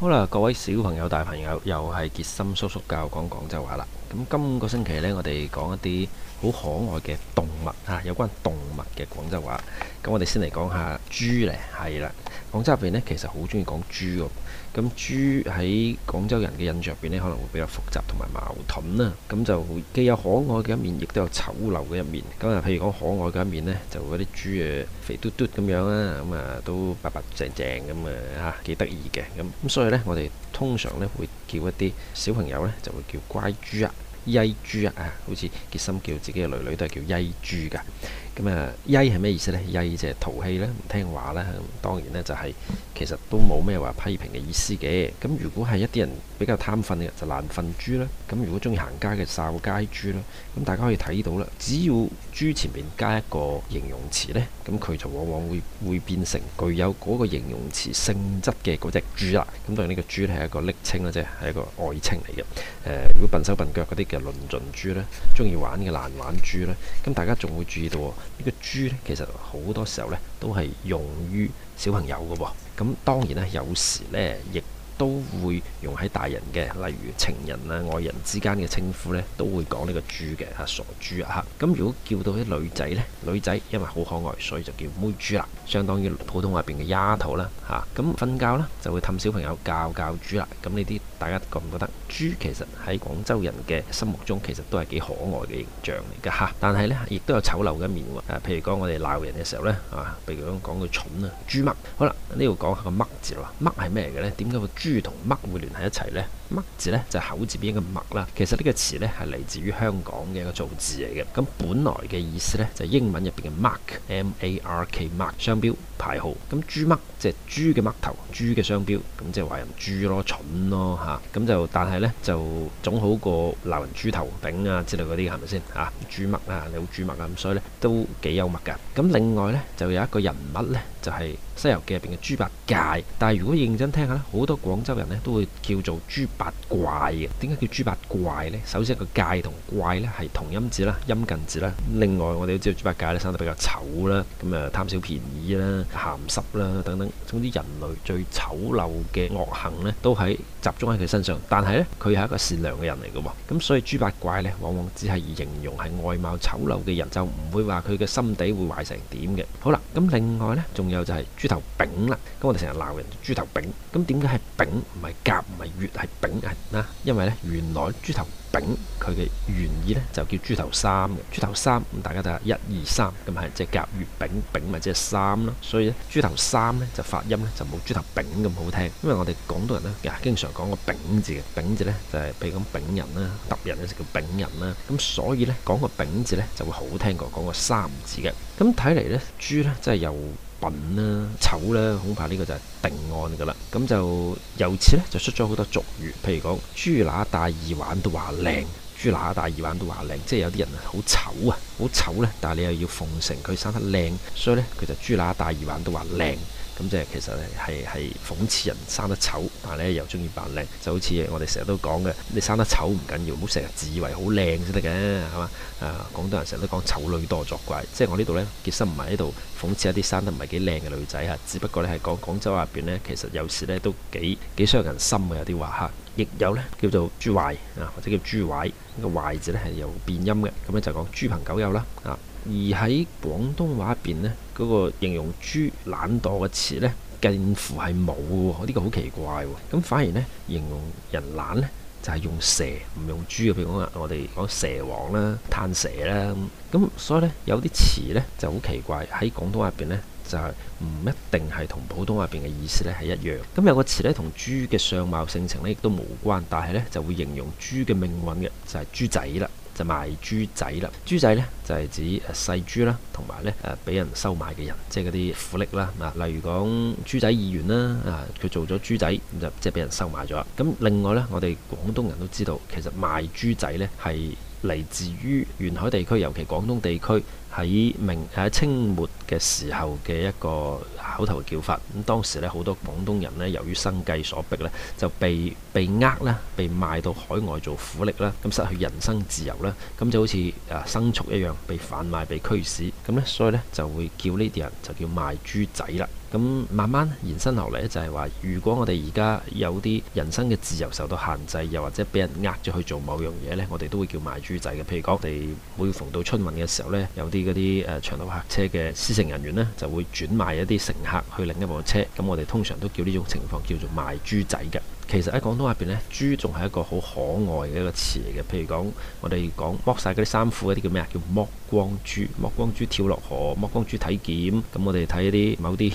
好啦，各位小朋友、大朋友，又係傑森叔叔教講廣州話啦～咁今個星期呢，我哋講一啲好可愛嘅動物、啊、有關動物嘅廣州話。咁我哋先嚟講下豬呢係啦。廣州入邊呢，其實好中意講豬㗎。咁豬喺廣州人嘅印象入邊呢，可能會比較複雜同埋矛盾啦。咁就既有可愛嘅一面，亦都有醜陋嘅一面。咁啊譬如講可愛嘅一面呢，就嗰啲豬呀，肥嘟嘟咁樣啦，咁啊都白白淨淨咁啊嚇，幾得意嘅。咁咁所以呢，我哋通常咧，會叫一啲小朋友咧，就會叫乖豬啊、曳豬啊，啊，好似杰森叫自己嘅女女都係叫曳豬㗎。咁啊，曳係咩意思呢？曳、呃、就係淘氣呢，唔聽話呢。當然呢、就是，就係其實都冇咩話批評嘅意思嘅。咁如果係一啲人比較貪瞓嘅，就爛瞓豬啦。咁如果中意行街嘅，哨街豬啦，咁大家可以睇到啦。只要豬前面加一個形容詞呢，咁佢就往往會會變成具有嗰個形容詞性質嘅嗰隻豬啦。咁當然呢個豬係一個暱稱啦，即係一個愛稱嚟嘅。誒、呃，如果笨手笨腳嗰啲嘅論盡豬呢，中意玩嘅爛玩豬呢，咁大家仲會注意到。呢個豬咧，其實好多時候咧，都係用於小朋友嘅噃。咁當然咧，有時咧亦～都會用喺大人嘅，例如情人啊、愛人之間嘅稱呼呢，都會講呢個豬嘅，嚇傻豬啊嚇。咁如果叫到啲女仔呢，女仔因為好可愛，所以就叫妹豬啦，相當於普通話入邊嘅丫頭啦」啦、啊、嚇。咁、啊、瞓覺呢，就會氹小朋友教教豬啦。咁呢啲大家覺唔覺得豬其實喺廣州人嘅心目中，其實都係幾可愛嘅形象嚟㗎、啊、但係呢，亦都有醜陋嘅一面喎。譬如講我哋鬧人嘅時候咧啊，譬如講講佢蠢啊，豬乜？好啦，這一個字是什麼，呢度講下個乜字啦。乜係咩嚟嘅咧？點解個豬？豬同嘜會聯繫一齊呢？嘜字呢，就係口字邊嘅麥啦。其實呢個詞呢，係嚟自於香港嘅一個造字嚟嘅。咁本來嘅意思呢，就係英文入邊嘅 mark，m a r k，mark 商標牌號。咁豬嘜，即係豬嘅嘜頭，豬嘅商標。咁即係話人豬咯，蠢咯嚇。咁就但係呢，就總好過鬧人豬頭炳啊之類嗰啲，係咪先嚇？豬嘜啊，你好豬嘜啊，咁所以呢，都幾幽默㗎。咁另外呢，就有一個人物呢，就係《西遊記》入邊嘅豬八戒。但係如果認真聽下呢，好多廣廣州人咧都會叫做豬八怪嘅，點解叫豬八怪呢？首先一個戒同怪呢係同音字啦、音近字啦。另外我哋都知道豬八戒咧生得比較醜啦，咁啊貪小便宜啦、鹹濕啦等等，總之人類最醜陋嘅惡行呢都係集中喺佢身上。但係呢，佢係一個善良嘅人嚟嘅喎，咁所以豬八怪呢往往只係形容係外貌醜陋嘅人，就唔會話佢嘅心底會壞成點嘅。好啦，咁另外呢，仲有就係豬頭炳啦，咁我哋成日鬧人豬頭炳，咁點解係炳？唔係甲唔係乙，係丙係啦，因為呢，原來豬頭丙佢嘅原意呢，就叫豬頭三嘅，豬頭三，咁大家睇下一、二、三，咁係即係甲乙丙丙，咪即係三囉，所以呢，豬頭三呢就發音呢，就冇豬頭丙咁好聽，因為我哋廣東人呢，啊經常講個丙字嘅，丙字呢，就係譬如咁丙人啦、得人呢，就叫丙人啦，咁所以呢，講個丙字呢，就會好聽過講個三字嘅，咁睇嚟，呢，豬呢，真係又。笨啦、啊、醜啦、啊，恐怕呢個就係定案㗎啦。咁就由此咧就出咗好多俗語，譬如講豬乸戴耳環都話靚。豬乸大耳環都話靚，即係有啲人好醜啊，好醜呢。但係你又要奉承佢生得靚，所以呢，佢就豬乸大耳環都話靚，咁就其實係係係諷刺人生得醜，但係咧又中意扮靚，就好似我哋成日都講嘅，你生得醜唔緊要，唔好成日自以為好靚先得嘅，係嘛？啊，廣東人成日都講醜女多作怪，即係我呢度呢，其實唔係喺度諷刺一啲生得唔係幾靚嘅女仔嚇，只不過咧係講廣州入邊呢，其實有時呢都幾幾傷人心嘅有啲話黑。亦有咧叫做豬壞啊，或者叫豬壞，呢個壞字咧係由變音嘅，咁咧就講豬朋狗友啦啊。而喺廣東話入邊咧，嗰個形容豬懶惰嘅詞咧，近乎係冇喎，呢個好奇怪喎。咁反而咧形容人懶咧，就係用蛇唔用豬嘅，譬如講啊，我哋講蛇王啦、探蛇啦咁，咁所以咧有啲詞咧就好奇怪，喺廣東話入邊咧就係、是、唔一定係同普通話入邊嘅意思咧係一樣的。咁有個詞咧同豬嘅相貌性情咧亦都無關，但係咧就會形容豬嘅命運嘅就係、是、豬仔啦，就賣豬仔啦，豬仔咧。就係指誒細豬啦，同埋咧誒俾人收買嘅人，即係嗰啲苦力啦。啊，例如講豬仔議員啦，啊佢做咗豬仔，咁就即係俾人收買咗。咁另外呢，我哋廣東人都知道，其實賣豬仔呢係嚟自於沿海地區，尤其廣東地區喺明喺清末嘅時候嘅一個口頭嘅叫法。咁當時呢，好多廣東人咧，由於生計所迫呢，就被被呃咧，被賣到海外做苦力啦，咁失去人生自由啦，咁就好似誒牲畜一樣。被販賣、被驅使咁呢，所以呢，就會叫呢啲人就叫賣豬仔啦。咁慢慢延伸落嚟咧，就係話，如果我哋而家有啲人身嘅自由受到限制，又或者俾人呃咗去做某樣嘢呢，我哋都會叫賣豬仔嘅。譬如講，我哋每逢到春運嘅時候呢，有啲嗰啲誒長途客車嘅司乘人員呢，就會轉賣一啲乘客去另一部車，咁我哋通常都叫呢種情況叫做賣豬仔嘅。其實喺廣東話入邊咧，豬仲係一個好可愛嘅一個詞嚟嘅。譬如講，我哋講剝晒嗰啲衫褲嗰啲叫咩啊？叫剝光豬。剝光豬跳落河，剝光豬體檢。咁我哋睇一啲某啲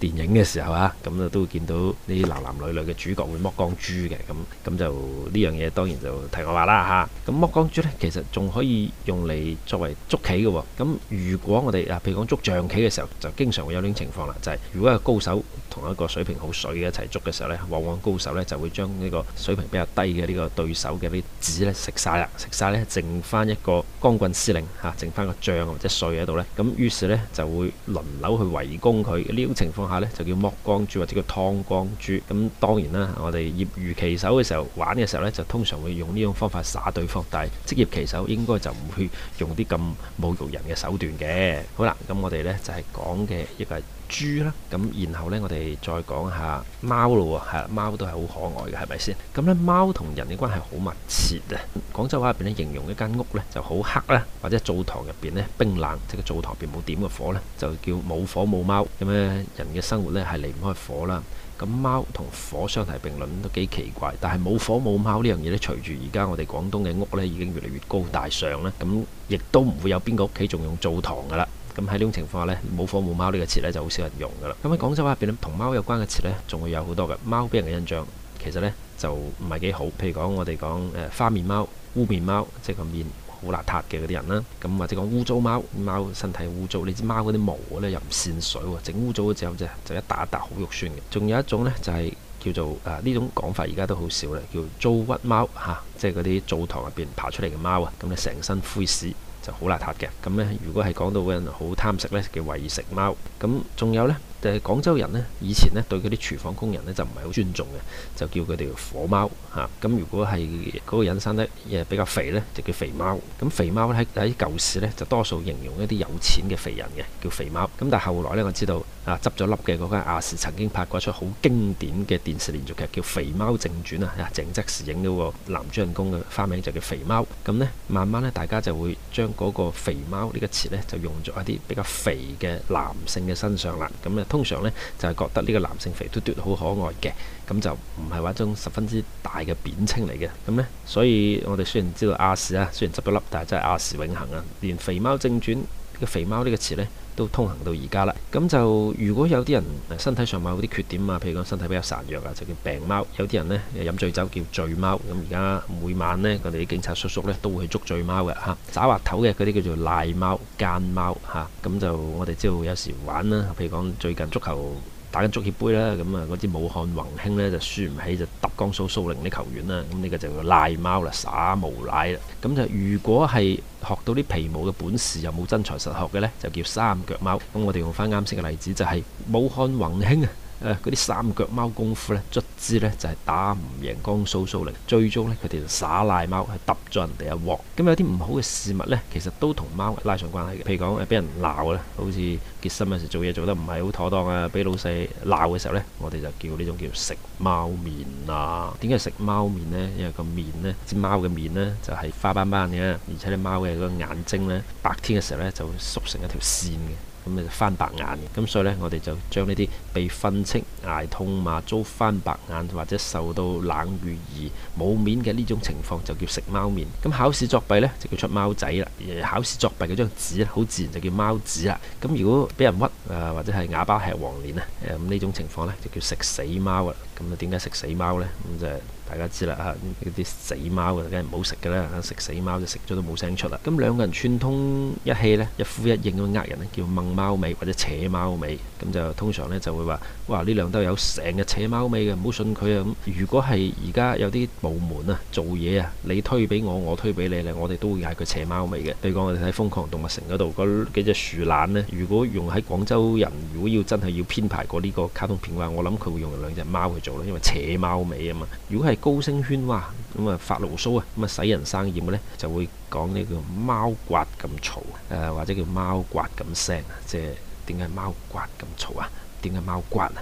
電影嘅時候啊，咁啊都會見到啲男男女女嘅主角會剝光豬嘅。咁咁就呢樣嘢當然就題外話啦嚇。咁剝光豬咧，其實仲可以用嚟作為捉棋嘅。咁如果我哋啊，譬如講捉象棋嘅時候，就經常會有啲情況啦，就係、是、如果係高手同一個水平好水嘅一齊捉嘅時候咧，往往高手咧就會將呢個水平比較低嘅呢個對手嘅啲子呢食晒啦，食晒呢，了了剩翻一個光棍司令嚇、啊，剩翻個將或者帥喺度呢。咁於是呢，就會輪流去圍攻佢。呢種情況下呢，就叫剝光豬或者叫劏光豬。咁當然啦，我哋業餘棋手嘅時候玩嘅時候呢，就通常會用呢種方法耍對方，但係職業棋手應該就唔會用啲咁侮辱人嘅手段嘅。好啦，咁我哋呢，就係、是、講嘅一個。豬啦，咁然後呢，我哋再講下貓咯喎，係貓都係好可愛嘅，係咪先？咁呢，貓同人嘅關係好密切啊！廣州話入邊呢，形容一間屋呢就好黑啦，或者灶堂入邊呢冰冷，即係個灶堂入邊冇點個火呢，就叫冇火冇貓。咁呢，人嘅生活呢係離唔開火啦。咁貓同火相提並論都幾奇怪，但係冇火冇貓呢樣嘢呢，隨住而家我哋廣東嘅屋呢已經越嚟越高大上啦，咁亦都唔會有邊個屋企仲用灶堂㗎啦。咁喺呢種情況下呢，冇火冇貓呢個詞呢就好少人用噶啦。咁喺廣州話入邊同貓有關嘅詞呢仲會有好多嘅。貓俾人嘅印象其實呢就唔係幾好。譬如講，我哋講誒花面貓、污面貓，即係個面好邋遢嘅嗰啲人啦。咁或者講污糟貓，貓身體污糟。你知貓嗰啲毛呢又唔善水，整污糟嘅時候就一笪一笪好肉酸嘅。仲有一種呢，就係、是、叫做誒呢、啊、種講法，而家都好少咧，叫糟屈貓嚇、啊，即係嗰啲灶堂入邊爬出嚟嘅貓啊。咁你成身灰屎，就好邋遢嘅，咁呢，如果係講到嘅人好貪食呢，叫為食貓，咁仲有呢？就係廣州人呢，以前咧對嗰啲廚房工人呢，就唔係好尊重嘅，就叫佢哋火貓嚇。咁、啊、如果係嗰個人生得比較肥呢，就叫肥貓。咁肥貓咧喺喺舊時呢，就多數形容一啲有錢嘅肥人嘅，叫肥貓。咁但係後來呢，我知道啊執咗笠嘅嗰個亞視、啊、曾經拍過一出好經典嘅電視連續劇，叫《肥貓正傳》啊。啊，鄭則仕影到個男主人公嘅花名就叫肥貓。咁呢，慢慢呢，大家就會將嗰個肥貓呢個詞呢，就用咗一啲比較肥嘅男性嘅身上啦。咁咧。通常呢，就係、是、覺得呢個男性肥嘟嘟好可愛嘅，咁就唔係話一種十分之大嘅貶稱嚟嘅，咁呢，所以我哋雖然知道亞視啊，4, 雖然執咗笠，但係真係亞視永恆啊，連肥貓正傳。呢個肥貓呢個詞呢都通行到而家啦。咁就如果有啲人身體上有啲缺點啊，譬如講身體比較孱弱啊，就叫病貓；有啲人呢飲醉酒叫醉貓。咁而家每晚呢，佢哋啲警察叔叔呢都會去捉醉貓嘅嚇。耍、啊、滑頭嘅嗰啲叫做賴貓、奸貓嚇。咁、啊、就我哋知道有時玩啦，譬如講最近足球。打緊足協杯啦，咁啊嗰支武漢宏興呢，就輸唔起，就揼江蘇蘇寧啲球員啦。咁呢個就叫賴貓啦，耍無賴啦。咁就如果係學到啲皮毛嘅本事，又冇真才實學嘅呢，就叫三腳貓。咁我哋用翻啱先嘅例子，就係、是、武漢宏興啊。誒嗰啲三腳貓功夫呢，卒之呢就係打唔贏光蘇蘇嚟，最終呢，佢哋就耍賴貓去揼咗人哋一鑊。咁有啲唔好嘅事物呢，其實都同貓拉上關係嘅。譬如講誒，俾人鬧咧，好似結薪嗰時做嘢做得唔係好妥當啊，俾老細鬧嘅時候呢，我哋就叫呢種叫食貓面啊。點解食貓面呢？因為個面呢，隻貓嘅面呢，就係、是、花斑斑嘅，而且咧貓嘅嗰個眼睛呢，白天嘅時候呢，就會縮成一條線嘅。咁咪翻白眼嘅，咁所以呢，我哋就將呢啲被訓斥、挨痛罵、遭翻白眼或者受到冷遇而冇面嘅呢種情況，就叫食貓面。咁考試作弊呢，就叫出貓仔啦。考試作弊嗰張紙好自然就叫貓紙啦。咁如果俾人屈啊、呃，或者係啞巴吃黃連啊，咁呢種情況呢，就叫食死貓啦。咁啊？點解食死貓呢？咁就大家知啦嚇。啲、啊、死貓梗係唔好食㗎啦。食、啊、死貓就食咗都冇聲出啦。咁兩個人串通一氣呢，一呼一應咁呃人呢，叫掹貓尾或者扯貓尾。咁就通常呢就會話：哇！呢兩兜有成日扯貓尾嘅，唔好信佢啊！如果係而家有啲部門啊，做嘢啊，你推俾我，我推俾你呢，我哋都會嗌佢扯貓尾嘅。譬如講，我哋喺《瘋狂動物城》嗰度個幾隻樹懶呢，如果用喺廣州人，如果要真係要編排過呢個卡通片嘅話，我諗佢會用兩隻貓去。因為扯貓尾啊嘛。如果係高聲喧譁咁啊發牢騷啊，咁啊使人生厭嘅咧，就會講呢個貓刮咁嘈、呃，或者叫貓刮咁聲啊。即係點解貓刮咁嘈啊？點解貓刮啊？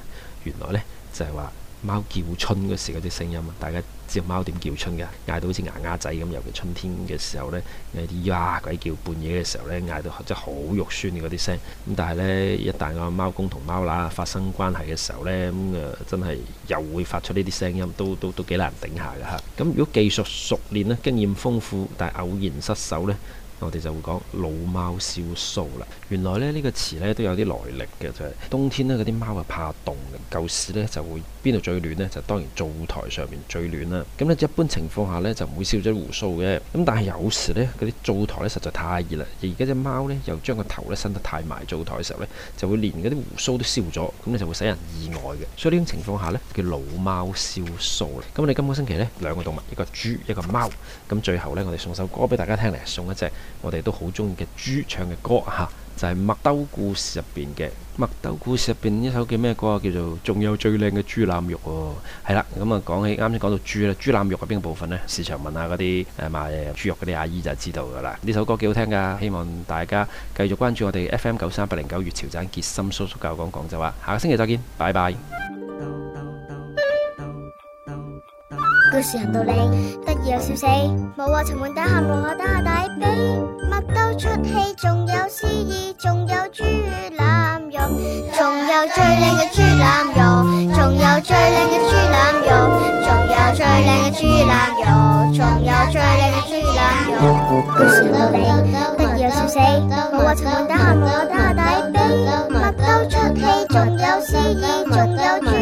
原來咧就係話貓叫春嗰時嗰啲聲音啊，大家。知貓點叫春嘅，嗌到好似牙牙仔咁，尤其春天嘅時候呢，有啲呀鬼叫，半夜嘅時候呢，嗌到真係好肉酸嘅嗰啲聲。咁但係呢，一旦阿貓公同貓乸發生關係嘅時候呢，咁、嗯、啊、呃、真係又會發出呢啲聲音，都都都，都幾難頂下嘅嚇。咁如果技術熟練呢，經驗豐富，但係偶然失手呢。我哋就會講老貓燒須啦。原來咧呢個詞咧都有啲來歷嘅，就係冬天呢嗰啲貓啊怕凍嘅，舊時咧就會邊度最暖呢？就當然灶台上面最暖啦。咁咧一般情況下咧就唔會燒咗鬍鬚嘅。咁但係有時咧嗰啲灶台咧實在太熱啦，而家隻貓咧又將個頭咧伸得太埋灶台嘅時候咧，就會連嗰啲鬍鬚都燒咗，咁你就會使人意外嘅。所以呢種情況下咧叫老貓燒須啦。咁我哋今個星期咧兩個動物，一個豬，一個貓。咁最後咧我哋送首歌俾大家聽嚟，送一隻。我哋都好中意嘅豬唱嘅歌嚇，就係麥兜故事入邊嘅麥兜故事入邊呢首叫咩歌啊？叫做仲有最靚嘅豬腩肉喎。係啦，咁啊講起啱先講到豬啦，豬腩肉係邊個部分呢？市場問下嗰啲誒賣豬肉嗰啲阿姨就知道噶啦。呢首歌幾好聽㗎，希望大家繼續關注我哋 FM 九三八零九粵潮盞，傑森叔叔教講廣州話。下個星期再見，拜拜。 比麥兜出戲，仲有詩意，仲有豬腩肉，仲有最靚嘅豬腩肉，仲有最靚嘅豬腩肉，仲有最靚嘅豬腩肉，仲有最靚嘅豬腩肉。故事到尾，突然笑死，我話陳冠下，喊我打底杯，麥兜出戲，仲有詩意，仲有豬。